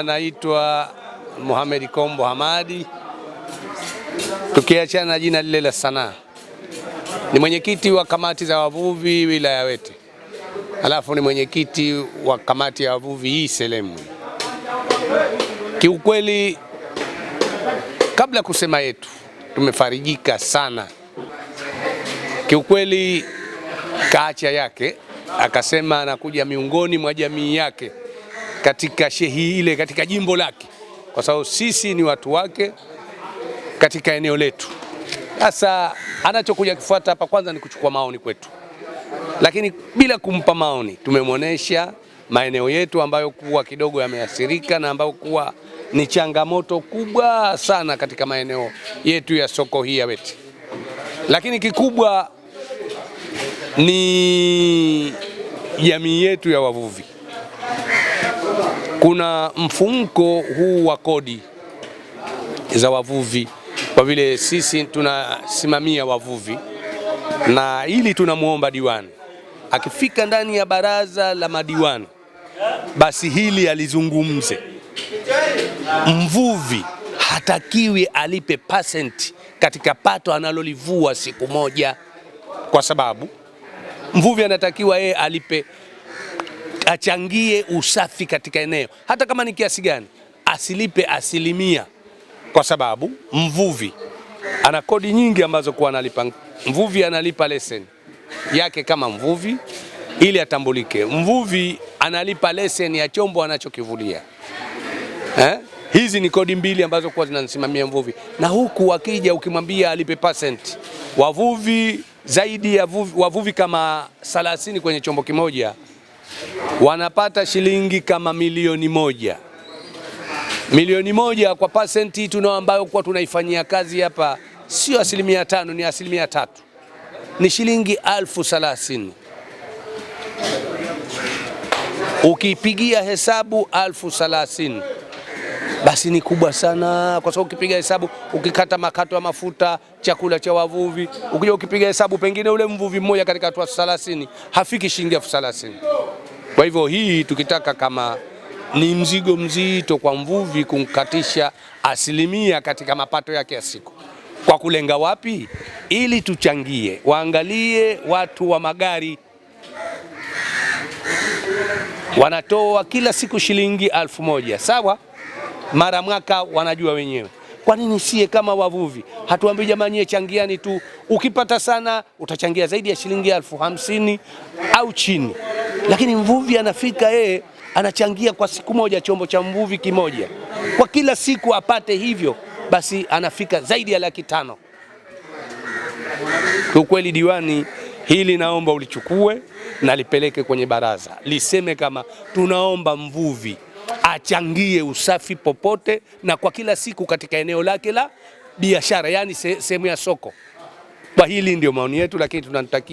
Anaitwa Mohamed Kombo Hamadi, tukiachana na jina lile la sanaa, ni mwenyekiti wa kamati za wavuvi wilaya Wete, alafu ni mwenyekiti wa kamati ya wavuvi hii Selemu. Kiukweli, kabla kusema yetu, tumefarijika sana kiukweli. Kaacha yake akasema anakuja miongoni mwa jamii yake katika shehi ile katika jimbo lake, kwa sababu sisi ni watu wake katika eneo letu. Sasa anachokuja kifuata hapa kwanza ni kuchukua maoni kwetu, lakini bila kumpa maoni tumemwonyesha maeneo yetu ambayo kuwa kidogo yameathirika na ambayo kuwa ni changamoto kubwa sana katika maeneo yetu ya soko hii ya Wete, lakini kikubwa ni jamii yetu ya wavuvi kuna mfumko huu wa kodi za wavuvi, kwa vile sisi tunasimamia wavuvi, na ili tunamwomba diwani akifika ndani ya baraza la madiwani, basi hili alizungumze. Mvuvi hatakiwi alipe pasenti katika pato analolivua siku moja, kwa sababu mvuvi anatakiwa yeye alipe achangie usafi katika eneo, hata kama ni kiasi gani, asilipe asilimia, kwa sababu mvuvi ana kodi nyingi ambazo kuwa analipa. Mvuvi analipa leseni yake kama mvuvi ili atambulike. Mvuvi analipa leseni ya chombo anachokivulia eh? Hizi ni kodi mbili ambazo kuwa zinamsimamia mvuvi, na huku akija ukimwambia alipe percent wavuvi zaidi ya wavuvi kama 30 kwenye chombo kimoja wanapata shilingi kama milioni moja milioni moja kwa pasenti tunao ambayo kuwa tunaifanyia kazi hapa, sio asilimia tano, ni asilimia tatu, ni shilingi alfu thelathini. Ukipigia hesabu alfu thelathini basi ni kubwa sana, kwa sababu ukipiga hesabu, ukikata makato ya mafuta, chakula cha wavuvi, ukija ukipiga hesabu, pengine ule mvuvi mmoja katika watu 30 hafiki shilingi elfu thelathini. Kwa hivyo hii tukitaka kama ni mzigo mzito kwa mvuvi kumkatisha asilimia katika mapato yake ya siku. Kwa kulenga wapi? Ili tuchangie, waangalie watu wa magari wanatoa kila siku shilingi alfu moja sawa, mara mwaka wanajua wenyewe. Kwa nini siye kama wavuvi hatuambi jamani, ye changiani tu, ukipata sana utachangia zaidi ya shilingi alfu hamsini au chini lakini mvuvi anafika yeye anachangia kwa siku moja chombo cha mvuvi kimoja, kwa kila siku apate hivyo, basi anafika zaidi ya laki tano. Kwa kweli diwani, hili naomba ulichukue na lipeleke kwenye baraza, liseme kama tunaomba mvuvi achangie usafi popote na kwa kila siku katika eneo lake la biashara, yaani sehemu ya soko. Kwa hili ndio maoni yetu, lakini tunamtakia